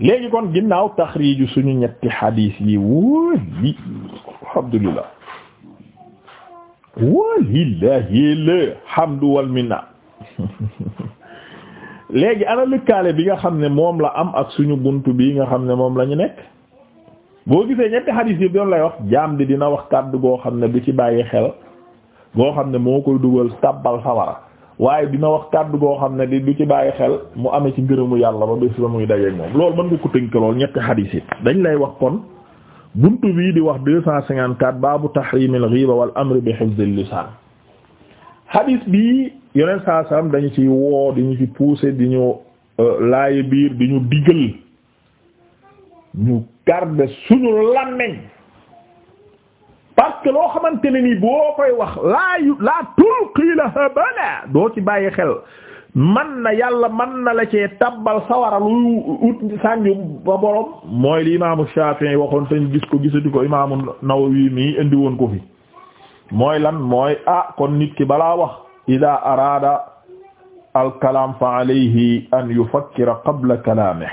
léegi kon ginnaaw taxriiju suñu ñetti xadiis yi wali alhamdulillah walillahil hamdu wal minna léegi ana bi nga xam ne moom la am ak suñu bunt bi nga xam ne moom la ñu nekk boo gisee ñetti xadiis yi doon lay wax jaam bi dina wax kàddu goo xam ne du ci bàyyi xel goo xam ne moo koy dugal tàbbal sawara waaye dina wax kàddu goo xam ne di du ci bàyyi xel mu amee ci ngërëmu yàlla ba bés ba muy dajeeg moom loolu mën nga ko tënk lool ñetti xadiis yi dañ lay wax kon bunt bii di wax deux cent cinquante-quatre baabu tahrimil ghiba wal amri bi hifzil lisaan xadiis bii yeneen saa saam dañu ci woo dañu ci pousser di ñu euh, laaye biir di ñu digal ñu garder suñu làmmiñ parce que loo xamante ne ni boo koy wax laa yu laa tulqii laha bala doo ci bàyyi xel man na yàlla man na la cee tabbal sawara lu ut sànju ba borom mooy li imaamu Shafi'i waxoon tañ gis ko gisati ko imaamu Nawawi mii indi woon ko fi mooy lan mooy ah kon nit ki balaa wax ida araada al kalam fa alayhi an yufakkira qabla kalamihi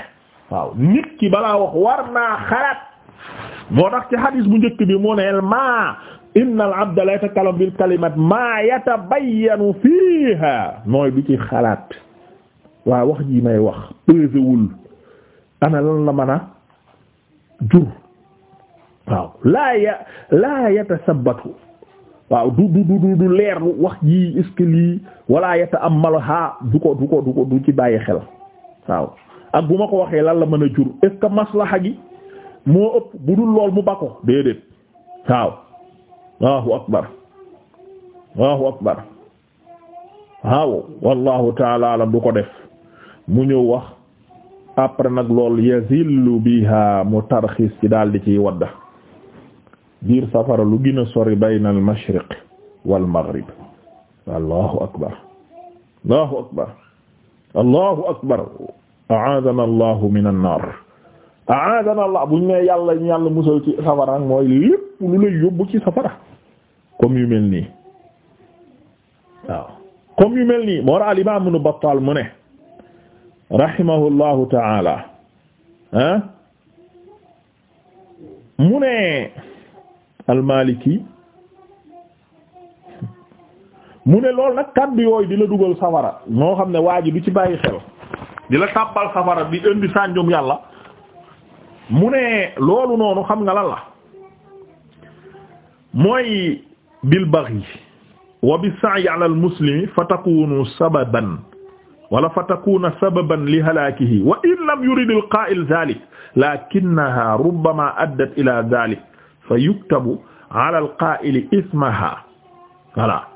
waaw nit wax war naa xalaat moo tax ci hadis bu njëkk bi moo neel maa inna al abda la yatakallamu bil kalimat maa yatabayyanu fiha mooy bi ci xalaat waa wax ji may wax wul ana lan la mën a jur waaw laa ya laa yatasabatu waaw du du du du leer wax ji est lii wala yata am malo du ko du ko du ci bàyyi xel waaw ak bu ma ko waxee lan la mën a jur est-ce maslaha gi moo ëpp bu dul lool mu bako déedéet waaw Allahu akbar Allahu akbar waaw wallahu taala alam du ko def mu ñëw wax après nag lool yazillu biha mu tarxis ci daal di ciy wadda biir safara lu gën a sori bayna al mashriq wal maghrib allahu akbar allahu akbar allahu akbar a'adana allahu min an nar aadana allah buñ ne yàlla ñu yàlla musal ci safara mooy lépp lu lay yóbbu ci safara comme yu mel nii waaw comme yu mel nii moo ra al imam ibn mu ne rahimahullahu taala ah mu ne al maliki mu ne loolu nag kaddu yooyu di la dugal safara moo xam ne waa ji du ci bàyyi xel di la tàbbal safara di indi sànjum yàlla mu ne loolu noonu xam nga lan la mooy bil baghi wa bi sa'i ala al muslimi fa takunu sababan wala fa takuna sababan li halakihi wa in lam yurid al qa'il dhalik lakinnaha rubbama addat ila dhalik fa yuktabu ala al qa'il ismaha voilà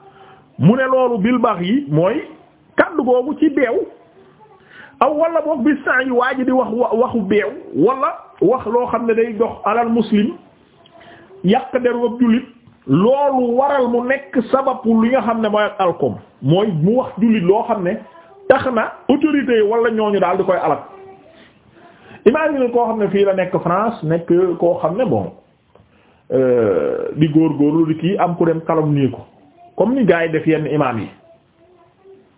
mu ne loolu bil baghi mooy kaddu googu ci beew aw wala boog bi sa'i waaji di wax waxu beew wala wax loo xam ne day dox alal muslim yàq deru ab jullit loolu waral mu nekk sabab li nga xam ne mooy ak alkom mooy mu wax jullit loo xam ne tax na autorité yi wala ñu daal di koy alal imagine koo xam ne fii la nekk France nekk koo xam ne bon euh, di góor di kii am ku dem calomnie ko comme ni gars yi def yenn imaam yi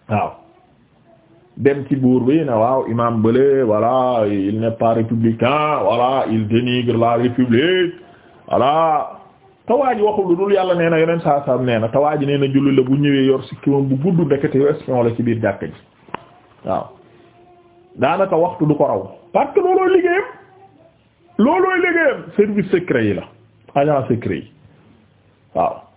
waaw dem ci buur bi ne waaw imam bële voilà il n'est pas républicain voilà il dénigre la république voilà tawaa waxul lu dul yàlla nee na yeneen saa saa nee na tawaa ji nee na julli la bu ñëwee yor si kiwam bu gudd ndekete yu espion la ci biir jàkk ji waaw daanaka waxtu du ko raw parce que loolooy liggéeyam loolooy liggéeyam service secret yi la agent secret yi waaw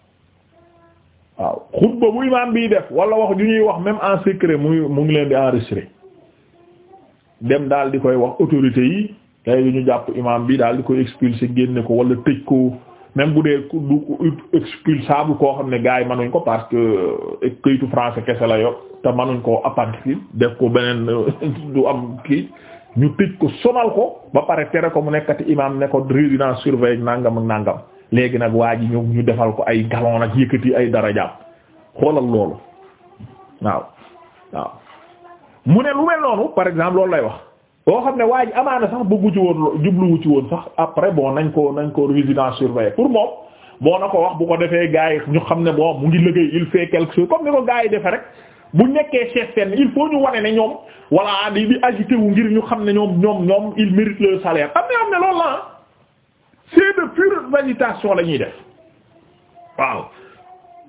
waaw ba bu imaam bii def wala wax ju ñuy wax même en secret mu mu ngi leen di enregistrer dem daal di koy wax autorités yi kay ñu jàpp imaam bi daal di koy expulser génne ko wala tëj ko même bu dee du expulsable koo xam ne gars yi mënuñ ko parce que euh, këyitu français kese la yor te mënuñ koo apatrid def ko beneen euh, du am kii ñu tëj ko sonal ko ba pare tere ko mu nekkati imaam ne ko résidence surveillée nangam ak nangam. léegi nag waa ji ñu ñu defal ko ay galon ak yëkkati ay darajaam xoolal loolu waaw waaw mu ne lu mel noonu par exemple loolu lay wax boo xam ne waa ji amaana sax bëggu ci woon jubluwu ci woon sax après bon nañ ko nañ ko résidence surveillée pour moom boo na ko wax bu ko defee gars yi ñu xam ne boo mu ngi liggéey il fait quelque chose comme ni ko gars yi defee rek bu nekkee chef seen il faut ñu wane ne ñoom voilà di di agité wu ngir ñu xam ne ñoom ñoom ñoom il mérite le salaire c'est de pure agitation la ñuy def waaw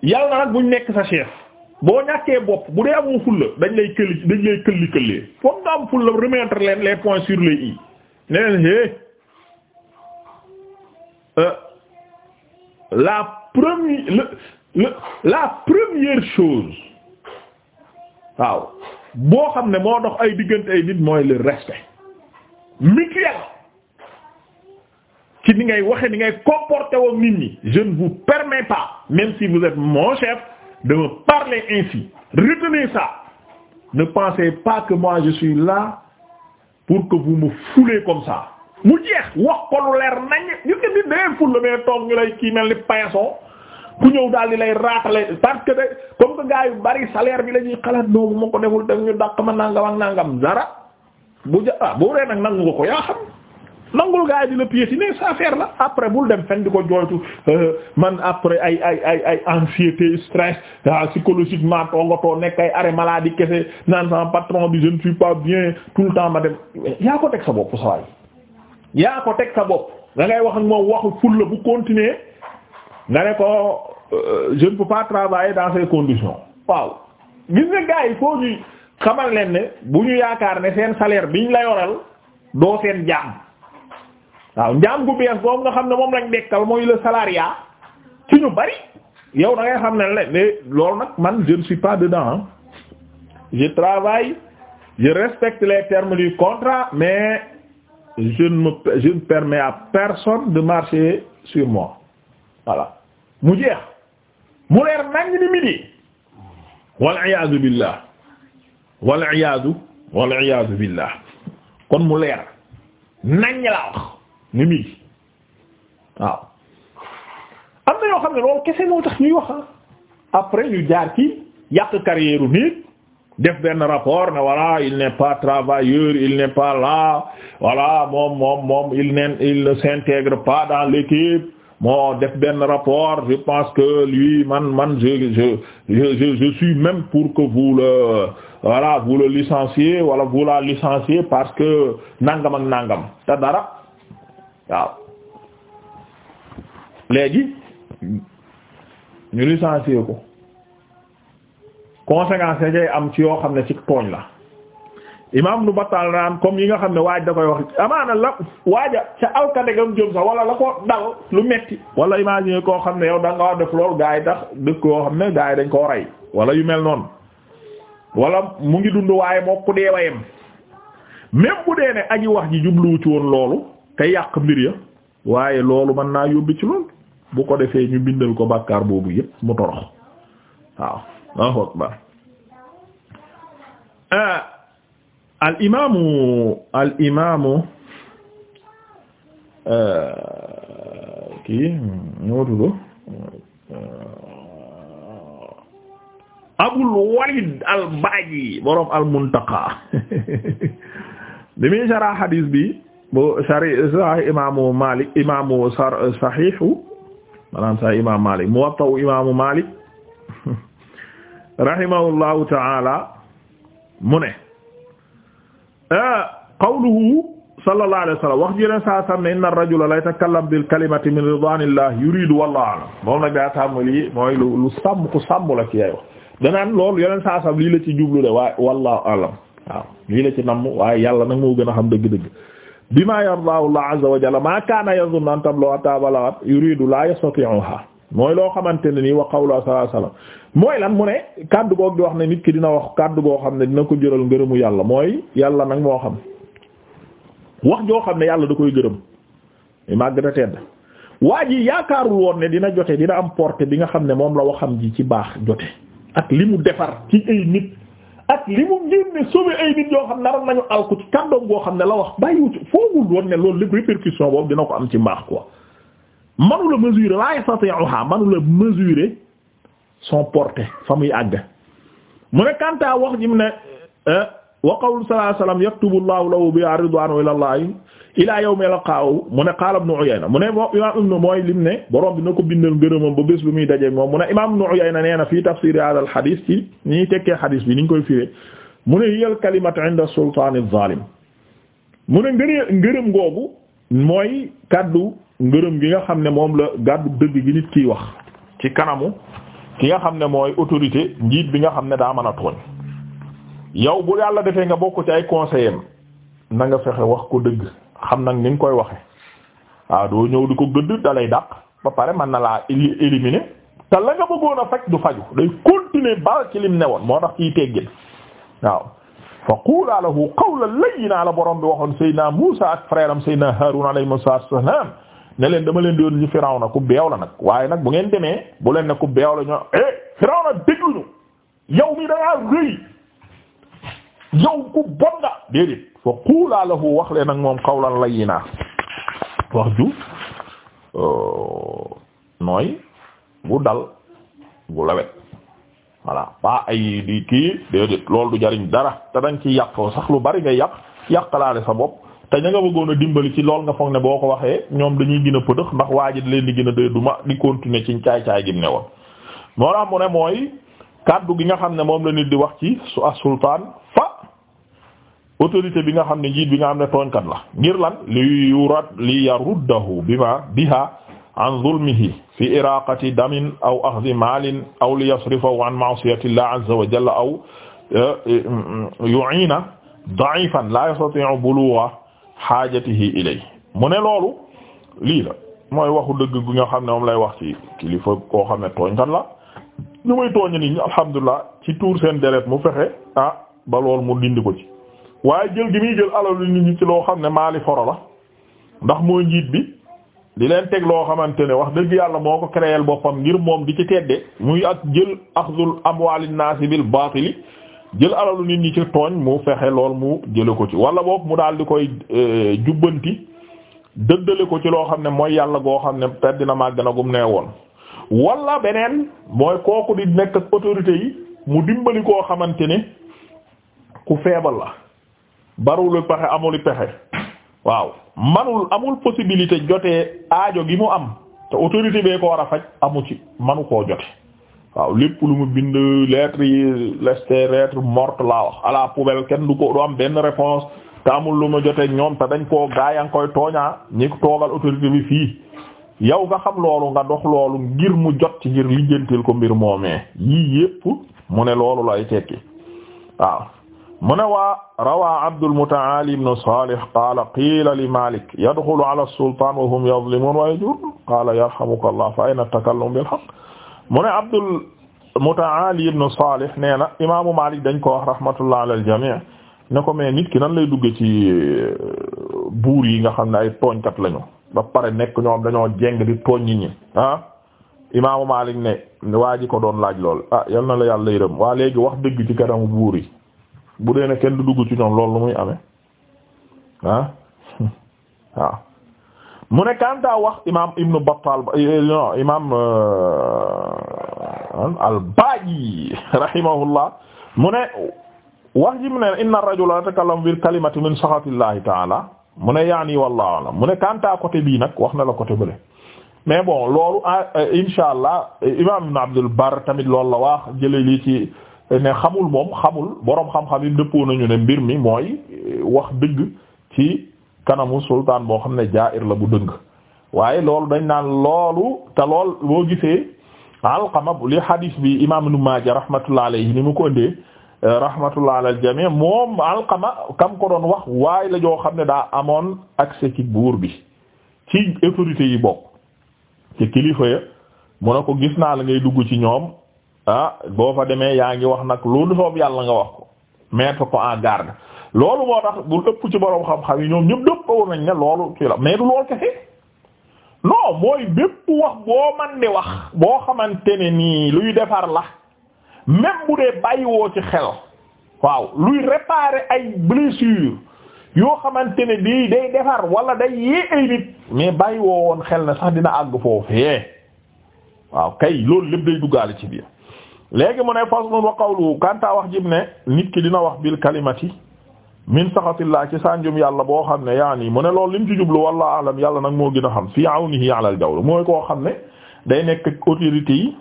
yàlla na nag buñ nekk sa chef boo ñàkkee bopp bu dee amoo fulla dañ lay këli dañ lay këlli këllee foog nga am fulla remettre leen les points sur les i ne leen euh, la première le, la première chose waaw boo xam ne moo dox ay diggante ay nit mooy le respect mutuel ci ni ngay waxe ni ngay comporter woon nit ñi je ne vous permets pas même si vous êtes mon chef de me parler ainsi retenez ça ne pensez pas que moi je suis là pour que vous me foulez comme ça mu jeex wax ko leer nañ ñu ngi nit daleen ful la mais toog ñu lay kii mel ni payason ku ñëw daal di lay raatale parce que de comme que gars yu bari salaire bi la ñuy xalaat noobu ma ko deful def ñu dàq ma nangam ak nangam dara bu ja ah boo ree nag nangu nga ko yaa nangul gaa yi di la piétiner sa affaire la après bul dem fenn di ko jooytu euh, man après ay ay ay ay anxiété stress ah, psychologiquement toogatoo nekk ay arrêt maladie kese naan sama patron bi je ne suis pas bien tout le temps ma dem yaa ko teg sa bopp sa waay yaa ko teg sa bopp da ngay wax ak moom waxu ful la bu continuer nga ne ko euh, je ne peux pas travailler dans ces conditions waaw gis nga gars yi foo ñuy xamal leen ne bu ñu yaakaar ne seen salaire biñ la yoral doo seen waaw njaam gu bees boobu nga xam ne moom lañ dekkal mooy le salariat ci ñu bari yow da xam ne la loolu nag man je ne suis pas dedans je travaille je respecte les termes du contrat mais je ne me je personne de marcher sur moi voilà mu jeex mu leer nañ ni midi wal iyaadu billah wal iyaadu wal iyaadu billah kon mu leer la ni mii waaw am na yoo xam ne loolu kese moo tax ñuy wax ah. après ñu jaar nit def benn rapport ne voilà il n'est pas travailleur il n'est pas là voilà moom moom il ne s'intègre pas dans l'équipe moo def benn rapport je pense que lui man man je je je suis même pour que vous le voilà vous le licenciez wala voilà, vous la licenciez parce que nangam ak nangam te dara waaw léegi ñu licencié ko conséquence yay am ci yoo xam ne ci tooñ la imam nu batal naan comme yi nga xam ne waaj da koy wax amaana la waaja ca alkadegam jëm sax wala la ko dal lu metti wala imagine koo xam ne yow da nga war def loolu gaa yi tax dëkk yoo xam ne gaa yi dañ koo rey wala yu mel noonu wala mu ngi dund waaye moo ku dee wayem même dee ne aji wax ji jubluwu ci woon loolu ka yàq mbir ya waaye loolu mën naa yóbbi ci loolu bu ko defee ñu bindal ko bàkkaar boobu yépp mu torox waaw ah, ah, Abul Walid al Baaji borom al Muntaqa bi muy sarah hadis bi bu sari sahih imaamu Malik imaamu sar sahihu maanaam sahih imaamu Malik muwatta imaamu Malik rahimahullahu ta'ala mu ne qawluhu sallallahu alayhi wa sallam wax ji leen saa sam ne inna ar-rajula la yatakallam bil kalimati min ridwanillah yuridu wallahu a'lam moom nag daa sàmm lii mooy lu lu sàmm ku sàmm la ci yow danaan loolu yeneen saa sam lii la ci jublu de waaye wallahu a'lam waaw lii la ci namm waaye yàlla nag moo gën a xam dëgg-dëgg bima yardaahu Allah azza wa jalla ma kaana yazunnu an tabluwa tabalaat yuridu la yastati'uha mooy loo xamante ne nii wa qawlu la alayhi mooy lan mu ne kaddu goog di wax ne nit ki dina wax kaddu goo xam ne dina ko jëral ngërëmu yàlla mooy yàlla nag moo xam wax joo xam ne yàlla da koy gërëm i màgg da tedd waa ji yaakaarul woon ne dina jote dina am porte bi nga xam ne moom la waxam ji ci baax jote ak li mu defar ci ay nit ak li mu génne sauver ay nit yoo xam naroon nañu alku ci kàddoom goo xam ne la wax bàyyiwu ci foogul woon ne loolu lépp répercussion boobu dina ko am ci mbaax quoi manu la mesurer la yastati'uha manu la mesurer son portée fa muy àgg mu ne Kantaa wax ji mu ne. Euh, wa qawlu sallallahu alayhi wasallam yaktubu Allahu lahu biha ridwaanu ila Allahi ila yawmi yalqaahu mu ne qaala Ibnu Uyayna mu ne imaam Ibnu mooy lim ne borom bi na ko bindal ngërëmam ba bés bu muy dajeeg moom mu ne imaam Ibnu Uyayna nee na fii tafsiir haaza al-hadiis ci ñiy tekkee hadiis bi ni ñu koy firee mu ne hiya al-kalimatu inda sultaani az-zaalim mu ne ngërëm googu mooy kaddu ngërëm gi nga xam ne moom la gàddu dëgg gi nit kiy wax ci kanamu ki nga xam ne mooy autorité njiit bi nga xam ne daa mën a tooñ yow bu yàlla defee nga bokk ci ay conseillers na nga fexe wax ko dëgg xam nag ni nga koy waxe waaw ah, doo ñëw di ko gëdd dalay dàq ba pare man na laa éliminer te la nga bëggoon a faj du faju day continuer bal ci lim ne woon moo tax ciy teggin waaw fa qula lahu qawlan layyina la borom bi waxoon Seydina Muusa ak frère am Seydina Haarun alayhi salaam ne leen dama leen di yoon ñu Firawna ku beew la nag waaye nag bu ngeen demee bu leen ne ku beew la ñoo yow ku bon nga déedéet fa quulaa lahu wax leen ak moom qawlan naa wax ju euh, nooy bu dal bu lawet voilà pas ay di kii déedéet loolu du jariñ dara te dañ ci yàq sax lu bari nga yàq yàq laa yàqalaale sa bopp te ña nga bëggoon a dimbali ci lool nga foog ne boo ko waxee ñoom dañuy gën a pëdëx ndax waa ji leen di gën a dee duma di continuer ci caay-caay gi ne woon moo tax mu mooy kàddu gi nga xam ne moom la nit di wax ci su as sultaan autorité bi nga xam ne njiit bi nga xam ne tooñkat la ngir lan li yurad li yaruddahu bima biha an zulmihi fi iraqati damin aw axdi maalin aw li yasrifahu an ma'siyatillah azza wa jalla aw eh, eh, yu'ina da'ifan la yastati'u ne loolu lii la mooy waxu dëgg gu nga xam ne moom lay wax ci kilifa koo xam ne tooñkat la ñu muy tooñ nit alhamdulilah ci tuur seen mu fexe ah ba loolu mu dindi ko ci waaye jël gi muy jël alalu nit ñi ci loo xam ne maali foro la ndax moo njiit bi di leen teg loo xamante ne wax dëgg yàlla moo ko créer boppam ngir moom di ci tedde muy ak jël axdul amwalin naasi bil baatili jël alalu nit ñi ci tooñ mu fexe lool mu jële ko ci wala boog mu daal di koy euh, jubbanti dëddale ko ci loo xam ne mooy yàlla goo xam ne per dina màgg na gum nee woon wala beneen mooy kooku di nekk ak autorité yi mu dimbali koo xamante ne ku feebal la barulu pexe amul pexe waaw manul amul possibilité jote aajo gi mu am te autorité bee ko war a faj amu ci manu ko jote waaw lépp lu mu bind lettre yi leste lettre morte laa wax à la poubelle kenn du ko am benn réponse te amul lu ma jote ñoom te dañ ko gaa yaa koy tooñaa ñi ko toogal autorité bi fii yow nga xam loolu nga dox loolu ngir mu jot ci ngir lijjantil ko mbir moomee yii yépp mu ne loolu lay tekki waaw mu ne waa rawaa abdulmutaali ibnu salih qaala qiila li malik yadxulu ala sultaan wa hum yadlimuun wa yajuur qaala yarhamuka allah fa ayna takallum bilhaq mu ne abdulmutaali ibnu salih nee na imaamu malik dañ ko wax rahmatullah ala aljamii ne ko mais nit ki nan lay dugge ci euh, buur yi nga xam ne ay tooñkat lañu ba pare nekk ñoom dañoo jeng di tooñ nit ñi ah imaamu malik ne waa ji ko doon laaj lool ah yal na la yàlla yërëm waa léegi wax dëgg ci kanamu buur yi bu dee ne kenn du dugg ci ñoom loolu lu muy amee ah waaw mu ne Kanta wax imaam Ibn Battal eh, non imaam euh, al-Baaji rahimahullah mu ne wax ji mu ne inna ar-rajula yatakallamu bil kalimati min saxatillahi ta'ala mu ne yaani wallahu a'lam mu ne Kanta côté bii nag wax na la côté bële. mais bon loolu ah imaam Ibn Abdul Barr tamit loolu la wax jëlee lii ci. ne xamul moom xamul boroom xam-xam yi dëppoo nañu ne mbir mi mooy eh, wax dëgg ci kanamu sultaan boo xam ne jaa'ir la bu dëng waaye loolu dañ naan loolu te lool boo gisee Alqama li hadis bi imaam Ibn Maaja rahmatullah alayhi ni mu ko indee eh, rahmatullah alal jamii moom Alqama kam ko doon wax waaye la joo xam ne daa amoon accès ci buur bi ci autorités yi bokk ci kilifa ya mu ne ko gis naa la ngay dugg ci ñoom. Ah boo fa demee yaa ngi wax nag loolu soob yàlla nga wax ko mettre ko en garde loolu moo tax bu ëpp ci borom xam-xam yi ñoom ñëpp dëpp dëppoo nañ ne loolu ci mais du loolu kese non mooy bépp boo man wax boo xamante ne nii luy defar la même bu dee bàyyiwoo ci xel waaw luy réparer ay blessures yoo xamante ne bii day defar wala day yee ay nit mais bàyyiwoo woon xel na sax dina àgg foofee waaw kay loolu lépp day duggaale ci biir. léegi mu ne faslun wa qawluhu kanta wax jib ne nit ki dina wax bil kalimati min saxatillah ci sanjum yàlla boo xam ne yaani mu ne loolu lim ci jublu wallahu alam yàlla nag moo gën a xam fii awnihi ala al jawr mooy koo xam ne day nekk autorité yi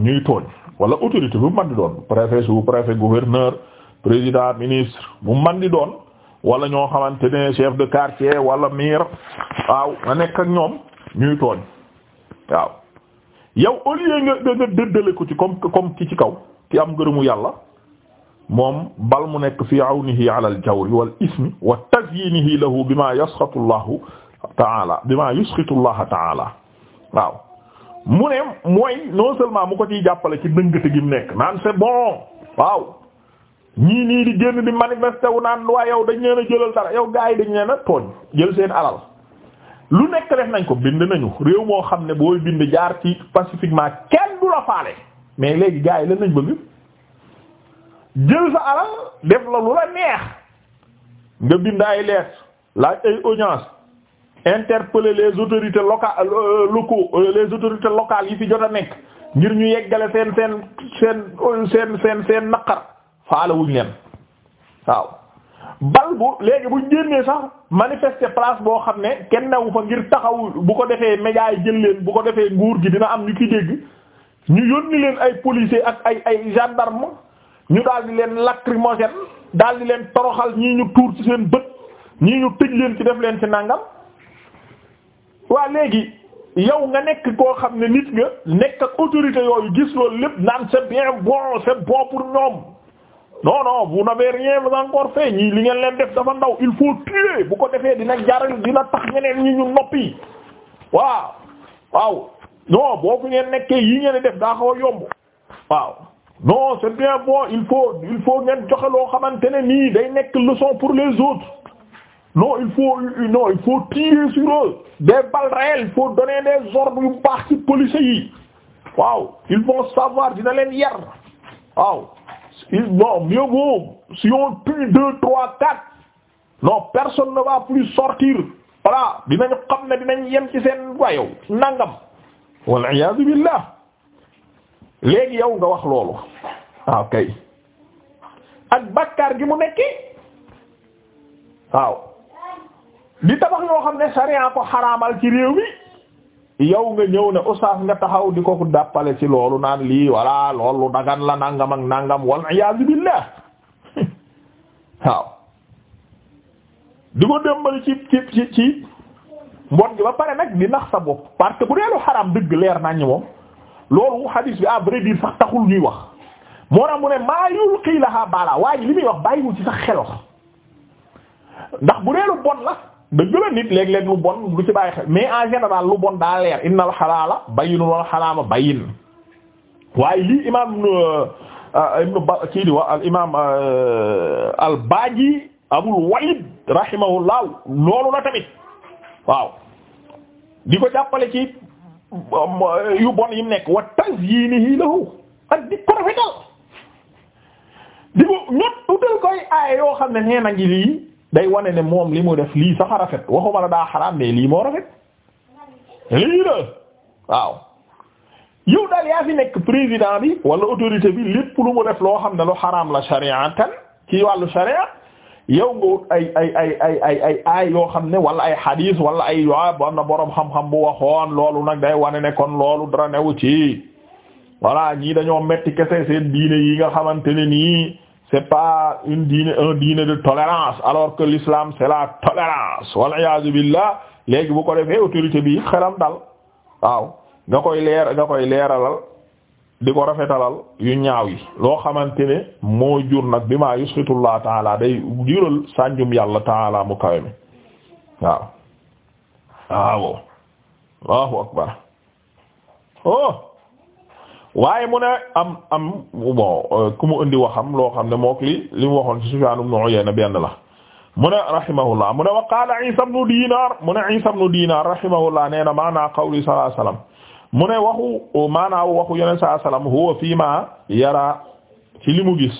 ñuy tooñ wala autorité bu man di doon préfet sous-préfet gouverneur président ministre bu man di doon wala ñoo xamante ne chef de quartier wala maire waaw nga nekk ak ñoom ñuy tooñ waaw yow au lieu nga nga dëddale ko ci comme comme ci ci kaw ki am ngërëmu yàlla moom bal mu nekk fi awnihi ala al jawri wal ismi wa tazyinihi lahu bima yasxatu llahu taala bima yusxitu llaha taala waaw mu ne mooy non seulement mu ko ciy jàppale ci dëngate gi mu nekk naan c'est bon waaw ñii nii di génn di manifester wu naan waa yow dañ leen a jëlal dara yow gars yi dañ leen a tooñ jël seen alal lu nekk def nañ ko bind nañu réew moo xam ne booy bind jaar ci pacifiquement kenn du la faale mais léegi gars yi lan nañ bëgg jël sa alal def la lu la neex nga bind ay lettre laaj ay audience interpeller les autorités locales euh, euh, locaux euh, les autorités locales yi fi jot a nekk ngir ñu yeggale seen seen seen seen seen seen naqar faale wuñ leen waaw bal bu léegi bu génnee sax manifester place boo xam ne kenn newu fa ngir taxaw bu ko defee médias yi jël leen bu ko defee nguur gi dina am ñu ki dégg ñu yónni leen ay policiers ak ay ay gendarme ñu daal di leen lacrymogène daal di leen toroxal ñii ñu tuur ci seen bët ñii ñu tëj leen ci def leen ci nangam waa léegi yow nga nekk koo xam ne nit nga nekk ak autorité yooyu gis loolu lépp naan c'est bien bon c'est bon pour ñoom. non non vous n'avez rien encore fait ñii li ngeen leen def dafa il faut tuer bu ko defee dina jaral dina tax ñeneen ñi ñu noppi waaw waaw non boo fi ngeen nekkee yi ngeen def daa xaw a yomb waaw non c'est bien bon il faut il faut ngeen joxe loo xamante ne nii day nekk leçon pour les autres non il faut non il faut tirer sur eux des balles il faut donner des ordres yu baax ci policiers yi waaw ils vont savoir dina leen yar waaw. non mieux vaut si on tue deux trois quatre non personne ne va plus sortir voilà dinañu xam ne dinañ yem ci seen wayow nangam wal iyaazu billah léegi yow nga wax loolu waaw ah, ak bakkaar gi mu nekki waaw di tabax yoo xam ne sariya ko xaramal ci réew mi yow nga ñëw ne oustaz nga taxaw di ko dàppale ci loolu naan lii walla loolu dagan la nangam ak nangam wal iyaazu billah waaw di ko démbal ci ci ci ci mbon gi ba pare nag di nax sa bopp parce que bu dee lu dëgg leer naññ moom loolu hadis bi à vrai dire sax taxul ñuy wax moo tax mu ne maa yulqi laha baala waaye li muy wax bàyyiwul ci sax xelox ndax bu dee bon la. dëgg la nit léeg lu bon lu ci bàyyi mais en général lu bon daa leer innal xalaala bayyinun wal xalaama bayyin waaye lii imaam euh, euh, ibnu ba kii di wax al imaam euh, al baaji abul walid rahimahullah loolu la tamit waaw di ko jàppale ci yu bon yi nekk wa tazyinihi lahu ak di ko rafetal di ko ñot utal koy aaya yoo xam ne nee ngi lii day wane ne moom li mu def lii sax a rafet waxuma la daa xaraam mais lii moo rafet lii la waaw yow daal yaa fi nekk président bi wala autorité bi lépp lu mu def loo xam ne lu xaram la shari'atan ci wàllu sharia yow nga wut ay ay ay ay yoo xam ne walla ay xadiis wala ay waa bam na boroom xam-xam bu waxoon loolu nag day wane ne kon loolu dara newu ci voilà ñii dañoo metti kese seen diine yi nga xamante ne nii c'est pas une diine un diine de tolérance alors que l'islam c'est la tolérance wal iyaazu billah léegi bu ko defee autorité bi xelam dal waaw nga koy leer nga koy leeralal di ko rafetalal yu ñaaw yi loo xamante ne moo jur nag bi maa yusxitullah taala day jural sànjum yàlla taala mu kawe waaw waaw allahu akbar oh waaye mu ne am am bon euh, ku mu indi waxam loo xam ne mook li li mu waxoon ci Sufyaan ibn Uyayna benn la mu ne rahimahullah mu ne wa qaala Isa ibn Dinar mu ne Isa ibn Dinar rahimahullah nee na maanaa qawli sallallahu alayhi wasallam mu ne waxu maanaa waxu yeneen sallallahu alayhi wasallam huwa fii ma yara ci li mu gis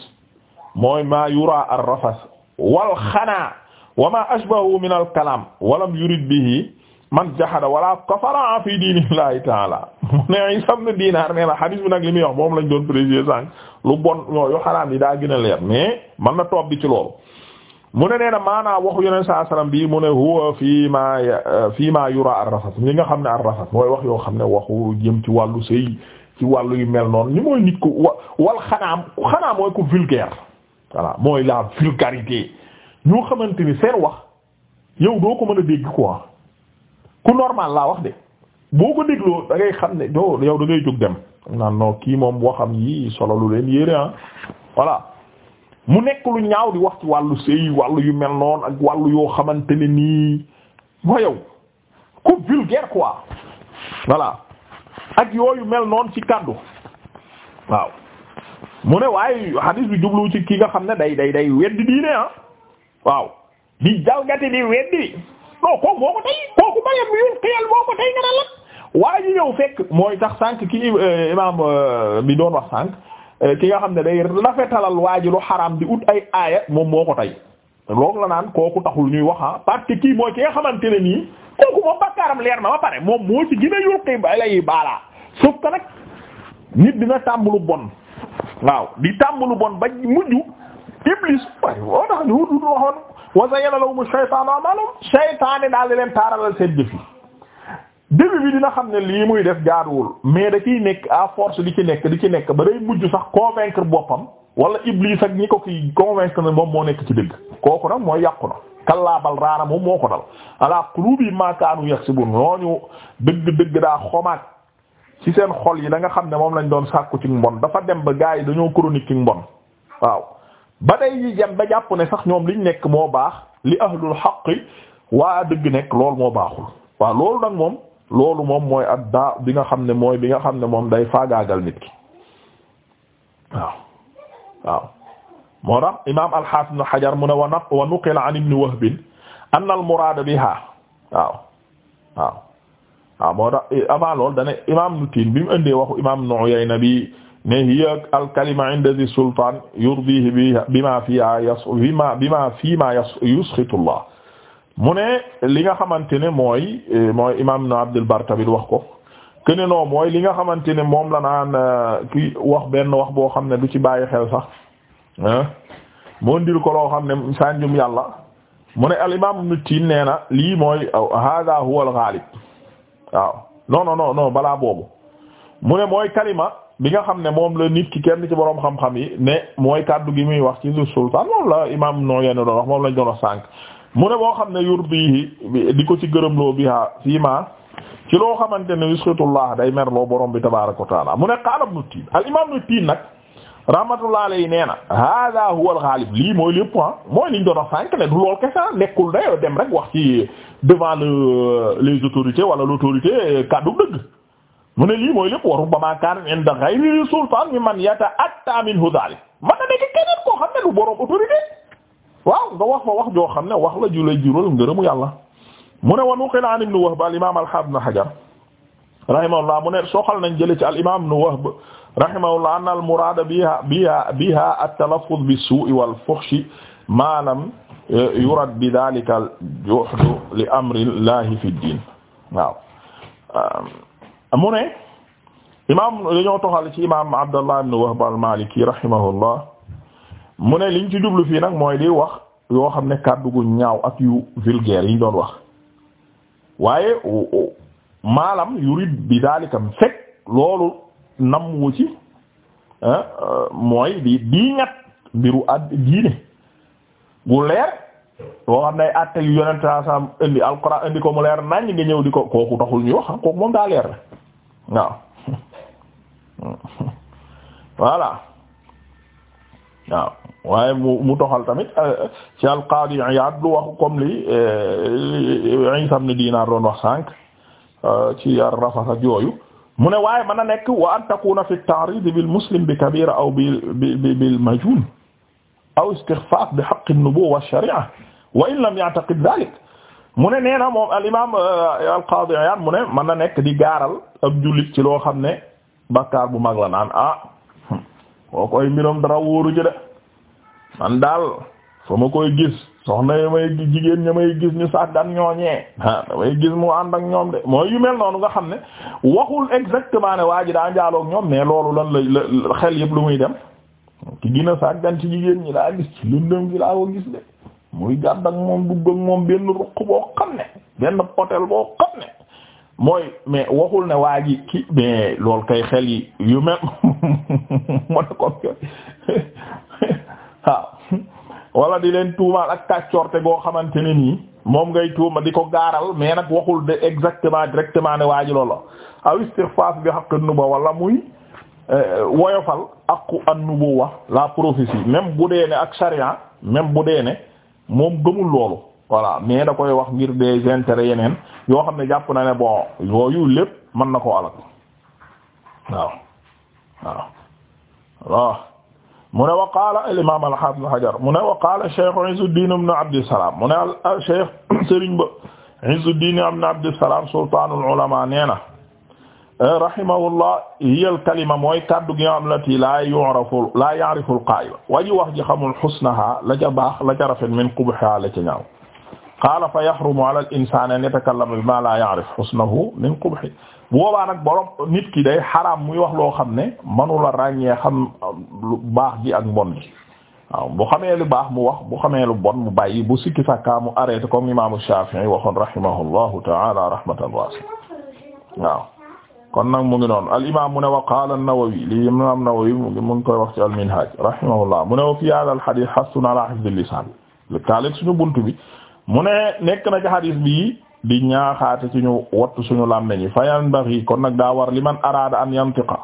mooy ma yura ar-rafas wal xanaa wa ma ashbahu min al-kalaam wa lam yurid bihi man jahada wala kafara fi diinillahi taala mu ne Isa ibn Dinar nee na hadis bi nag li muy wax moom lañ doon préciser sànq lu bon yoo xaraam yi daa gën a leer mais man na toog bi ci loolu. mu ne nee na maanaam waxu yeneen saa salaam bii mu ne huwa fii ma fii maa yura ar-rafas li nga xam ne ar-rafas mooy wax yoo xam ne waxu jëm ci wàllu sëy ci wàllu yu mel noonu ni mooy nit ku wa wal xanaa mooy ku vulgaire mooy la vulgarité ñoo xamante ni seen wax yow doo ko ku normal laa wax de boo ko dégloo da ngay xam ne doo yow da ngay jóg dem naan non kii moom waxam yi solo lu leen yére ah voilà mu nekk lu ñaaw di wax ci wàllu sëy wàllu yu mel noon ak wàllu yoo xamante ne nii wa yow ku vulgaire quoi voilà ak yooyu mel noon ci kàddu waaw mu ne waaye hadis bi jublu ci ki nga xam ne day day day weddi diine ah waaw di jalgati di weddi non kooku moo ko tey kooku ba yun xiyal moo ko tey nga a la waa ji ñëw fekk mooy tax sànq ki euh, imam euh, bi doon wax sànq euh, ki nga xam ne day rafetalal waa ji lu xaraam di ut ay aaya moom moo ko tey loolu la naan kooku taxul ñuy wax ah, parce que kii mooy ki nga xamante ne nii kooku moom bakkaaram leer na ba pare moom moo ci gën a yulqi lay baalaa sauf que nag nit dina tàmbulu bon waaw di tàmbulu bon ba mujj iblis woo tax ni wut wut waxoon la wa zayyana lahum shaytaanu a'maalahum shaytaane daal di leen taaralal seen jëf yi début bi dina xam ne lii muy def jaaduwul mais da ciy nekk a force di ci nekk di ci nekk ba day mujj sax convaincre boppam wala Iblis ak ñi ko ki convaincre ne moom moo nekk ci dëgg kooku nag mooy yàqu na. kallaa bal raana moom moo ko dal ala qulubi ma kaanu yaksibun ñooñu dëgg-dëgg daa xomaat ci seen xol yi la nga xam ne moom lañu doon sàkku ci mbon dafa dem ba gars yi dañoo chronique ci mbon waaw. ba day ne sax ñoom liñ nekk moo baax li ahlul xaqi waa dëgg nekk loolu moo baaxul waaw loolu nag moom loolu moom mooy ab bi nga xam ne mooy bi nga xam ne moom day faagaagal nit ki waaw waaw moo tax imaam alxaafis ibn xajar mu ne wa naq wa nuqila an ibn wahb an al muraada biha imaam nutiin bi mu indee imaam nu uyayna bi ne hiya al kalima inda zi sultaan yurdihi bima fiha yas bima bima fima yas yusxitu Allah mu ne li nga xamante ne mooy eh, mooy imaam na Abdul Bar tamit wax ko mooy li nga xamante ne moom la naan eh, ki wax benn wax boo xam ne du ci bàyyi xel sax moo ndil ko loo xam ne sànjum yàlla mu ne al imaam Ibnu nee na lii mooy hada huwa al ghalib waaw non non non non mooy kalima bi nga xam ne moom la nit ki kenn ci boroom xam-xam yi ne mooy kàddu gi muy wax ci su sultaan moom la imam noo yenn doon wax moom lañ doon wax sànq mu ne boo xam ne yur bii di ko ci gërëmloo bi ha ci loo xamante ne usxitullah day merloo borom bi tabaaraka wa taala mu ne qaala ibnu tiin al imam ibnu tiin nag rahmatullah yi nee na hada huwa al ghalib lii mooy lépp point ah, mooy liñ doon wax sànq ne du lool kese ah, nekkul dayo dem rek wax ci devant les autorités wala l'autorité kàddu dëgg mu ne lii mooy lépp waru ba maakaan inda ghayri sultaan mi man yata atta minhu daalik man na nekk keneen koo xam ne du borom autorité waaw nga wax fa wax joo xam ne wax la ju lay jural ngërëmu yàlla mu ne wa nuqila an ibn wahb al imam al hafiz ibn hajar rahimahullah mu ne soxal nañ jële ci al imam ibn wahb rahimahullah anna al muraada biha biha biha at talaffuz bis su'i wal fuhshi ma lam e, yurad bi dhalika al juhd li amri llahi fi ddin waaw mu ne imaam dañoo toxal ci imaam Abdallah ibn Wahb al-Maliki rahimahullah mu ne liñ ci jublu fii nag mooy di wax yoo xam ne kàddu gu ñaaw ak yu vulgaire yi ñu doon wax waaye maalam yurid bi daalikam fekk loolu nam wu ci mooy di di mbiru ad diine gu leer boo xam ne atte yu yonent sa indi alquran indi ko mu leer nañ nga ñëw di ko kooku taxul ñuy wax ah, kooku moom daa leer waaw voilà waaw waaye mu mu toxal tamit euh, ci al qaadi Iyaad lu wax comme li euh, Isa ibn Dinar doon wax sànq euh, ci yar rafas ak yooyu mu ne waaye mën a nekk wa an takuna fi ta'rid bil muslim bi kabira aw bi bi bil majun aw istikhfaf bi haqq an-nubuwwa wa ash-shari'a wa in lam ya'taqid dhalik mu ne nee na moom al imaam euh, al qaadi Iyaad mu ne mën na nekk di gaaral ab jullit ci loo xam ne bakkaar bu mag la naan ah koo koy mbiram dara wóoru ci de man daal fa ma koy gis soxna ya may jigéen ña may gis ñu sàggan ñooñee ah damay gis mu ànd ak ñoom de mooy yu mel noonu nga xam ne waxul exactement ne waa ji daa njaaloog ñoom mais loolu lan la xel yëpp lu muy dem ki gën a sàggan ci jigéen ñi daa gis ci lëndëm gi laa ko gis de muy gàdd ak moom dugg moom benn ruq boo xam ne benn hôtel boo xam ne mooy mais waxul ne waa ji ki mais loolu kay xel yi yu mel mu ne ko waaw wala di leen tuumaal ak kàccorte goo xamante ne nii moom ngay tuuma di ko gaaral mais nag waxul de exactement directement ne waaj ji loolu aw istighfaf bi haqq nubuwa wala muy eh, woyofal aqu an nubuwa la prophétie même bu dee ne ak charia même bu dee ne moom gëmul loolu voilà mais da koy wax ngir des intérêts yeneen yoo xam ne jàpp na ne bon yooyu lépp mën na ko alal waaw waaw waaw mu ne wa qaala al imaam al haafiz hajar mu wa qaala cheikh Izzuddin ibn Abdissalaam mu ne al cheikh Serigne ba na rahimahullah hiyal kalima mooy kaddu gi nga xam ne laa yu'rafu laa ya'rifu al-qaa'il waji wax ji xamul husnaha la ca baax la ca rafet min qubhiha la ca ñaaw qaala fa yahrumu ala al-insaan an yatakallama bimaa laa ya'rif husnahu min qubhi boobaa nag borom nit ki day xaraam muy wax loo xam ne manula ràññee xam lu baax ji ak mbon ji waaw bu xamee lu baax mu wax bu xamee lu bon mu bàyyi bu sikki sàkkaa mu arrêté comme imaamu Shaafi'i waxoon rahimahullahu ta'ala rahmatan waasi'a waaw kon nag mu ngi noonu al imam mu ne wa qaala an-Nawawi li imam Nawawi mu ngi koy wax ci al-Minhaj rahimahullah mu ne wa fi hadha al-hadith hasun ala hifz al-lisan le kaaleeg suñu bunt bi mu ne nekk na ci hadith bi di ñaaxaate ci ñu wattu suñu làmmeñ yi fa yanbaghi kon nag daa war li man araada an yantiqa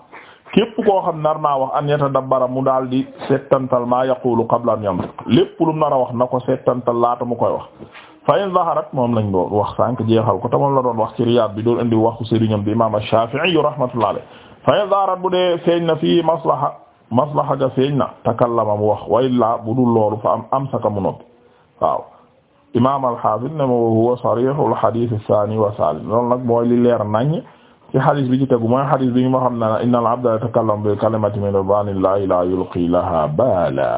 képp koo xam nar naa wax an yatadabbara mu daal di settantal maa yaqulu qabla an yantiq lépp lu nar a wax na ko settantal laata mu koy wax fa in zaharat moom lañ doon wax sànq jeexal ko te moom la doon wax ci Riyaad bi doon indi waxu sëriñam bi imaam Shaafi'i rahmatullahi alayhi fa in zaharat bu dee feeñ na fii maslaha maslaha ga feeñ na takallama mu wax wa illaa bu dul loolu fa am amsaka mu noppi waaw imaam al-Haafiz ne moo huwa sariihul hadiis as-saani wa saalim loolu nag mooy li leer nañ ci xadis bi ci tegu mooy xadis bi ñu ma xam ne inna al-abda yatakallamu bi kalimatin min lisaanihi laa yulqii lahaa baalan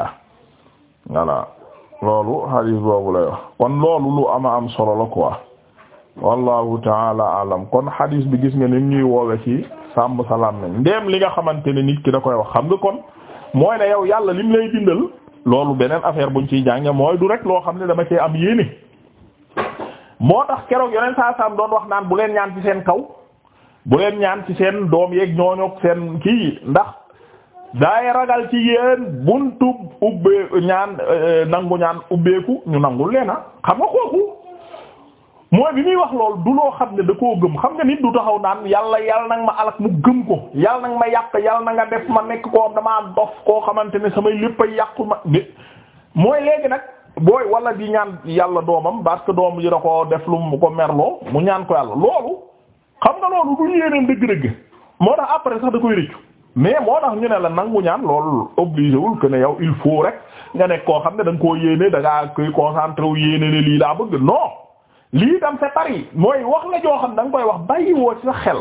loolu hadis boobu lay wax kon loolu lu ama am solo la quoi wallahu taala alam kon hadis bi gis nga ni ñuy woowe ci sàmm salaam nañ ndeem li nga xamante ne nit ki da koy wax xam nga kon mooy ne yow yàlla lim lay bindal loolu beneen affaire buñ ciy jànge mooy du rek loo xam ne dama cee am yéene moo tax keroog yeneen saa saam doon wax naan bu leen ñaan ci seen kaw bu leen ñaan ci seen doom yeeg ñooñook seen kii ndax daay ragal ci yéen buntu ubbee ñaan euh, nangu ñaan ubbeeku ñu nangul na xam nga kooku mooy bi muy wax lool du loo xam ne da koo gëm xam nga nit du taxaw naan yàlla yàlla nag ma alak mu gëm ko yàlla nag ma yàq yàlla na nga def ma nekk koo damaa dof koo xamante ne samay lépp a yàqu ma mooy léegi nag booy wala di ñaan yàlla doomam parce que doom ji da ko def lu mu ko merloo mu ñaan ko yàlla loolu xam nga loolu du yéeneen dëgg-dëgg moo tax après sax da koy rëccu mais moo tax ñu ne la nangu ñaan loolu obligé wul que ne yow il faut rek nga nekk koo xam ne da koo yéene da ngaa koy concentré wu yéene ne lii daa bëgg non lii dam c'est pareil mooy wax la joo xam da nga koy wax bàyyi woo ci sa xel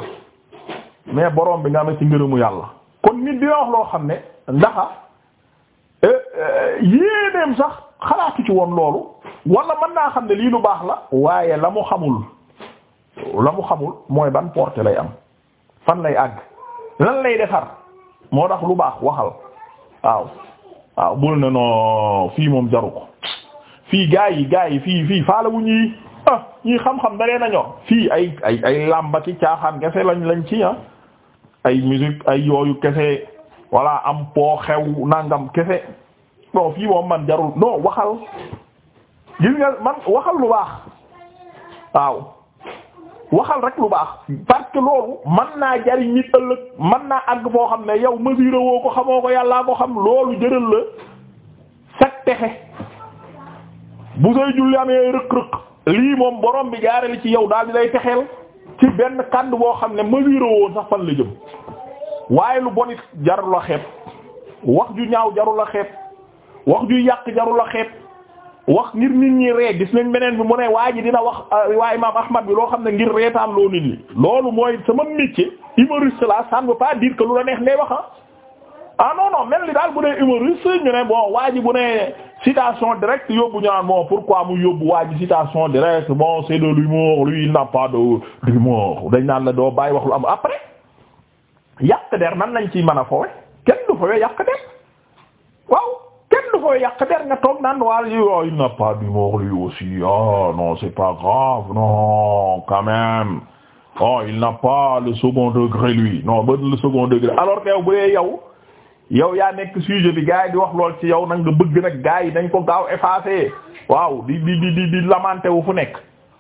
mais borom bi nga amee ci ngërëmu yàlla kon nit dina wax loo xam ne ndax euh, euh, yéeneem sax xalaatu ci woon loolu wala mën naa xam ne lii lu baax la waaye la mu xamul la mu xamul mooy ban porte lay am fan lay àgg lan lay defar. moo tax lu baax waxal waaw waaw bul ne noo fii moom jaru ko fii gaay yi gaay yi fii fii faala wu ñii ah ñii xam-xam da leen a fii ay ay ay làmba ci caaxaan lañ lañ ci ah ay musique ay yooyu kese wala am poo xew nangam kese bon fii moom man jarul non waxal gis nga man waxal lu baax waaw waxal rek lu baax parce que loolu mën naa jariñ nit ëllëg mën naa àgg boo xam ne yow mesure woo ko xamoo ko yàllaa ko xam loolu jëral la set texe bu say julli amee rëq-rëq lii moom borom bi jaarale ci yow daal di lay texeel ci benn kànd boo xam ne mesure woon sax fan la jëm waaye lu bonit jarul la wax ju ñaaw jarul la wax ju yàq jarul la wax ngir nit ñi ree gis nañ beneen bi mu ne waa ji dina wax euh, waa imaam Ahmad bi loo xam ne ngir reetaan loo nit ñi loolu mooy sama métier humoriste la ça ne veut pas dire que lu la neex ngay wax ah. ah non non mel ni daal bu dee humoriste ñu ne bon waa ji bu ne citation directe yóbbu ñu naan bon pourquoi mu yóbbu waa ji citation directe bon c'est de l'humour lui il n'a pas de l'humour dañ naan la doo bàyyi wax lu am après yàq der nan lañ ci mën a fowe kenn du fowe yàq koy yàq der nga toog naan waa il n'a pas d'humour lui aussi oh non c'est pas grave non quand même oh il n'a pas le second degré lui non ba le second degré alors que yow bu dee yow yow yaa nekk sujet bi gars yi di wax lool ci yow nag nga bëgg nag gars yi dañ ko gaaw effacer waaw di di di di wu fu nekk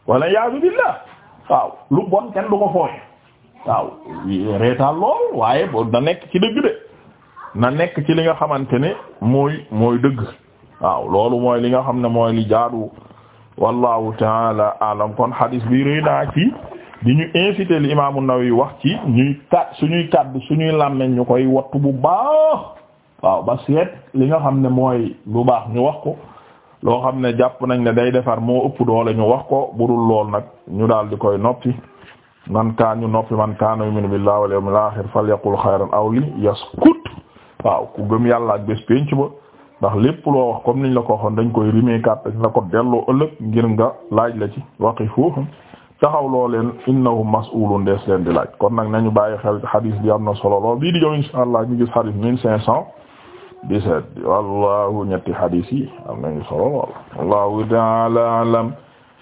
wala yaasu billah waaw lu bon kenn du ko fooy waaw reetaan lool waaye da nekk ci dëgg de. na nekk ci li nga xamante ne mooy mooy dëgg waaw loolu mooy li nga xam ne mooy li jaadu wallahu taala alam kon hadis bi rëy naa ci di ñu incité li imaamu Nawawi wax ci ñuy kat suñuy kaddu suñuy làmmeñ ñu koy wattu bu baax waaw ba seet li nga xam ne mooy lu baax ñu wax ko loo xam ne jàpp nañ ne day defar moo ëpp doole ñu wax ko budul lool nag ñu daal di koy noppi man kaan ñu noppi man kaana yuminu billahi wal yawmil akhir falyaqul xayran aw li yaskut waaw ku gëm yàlla ak bés penc ba ndax lépp loo wax comme niñ la ko waxoon dañ koy rimé kàtt la ko delloo ëllëg ngir nga laaj la ci waqifuhum taxaw loo leen innahum mas'ulun dees leen di laaj kon nag nañu bàyyi xel xadis bi am na solo lool bii di jow insha allah ñu gis xadis mille cinq cent dix-sept wallahu ñetti xadis yi am nañu solo lool wallahu ta'ala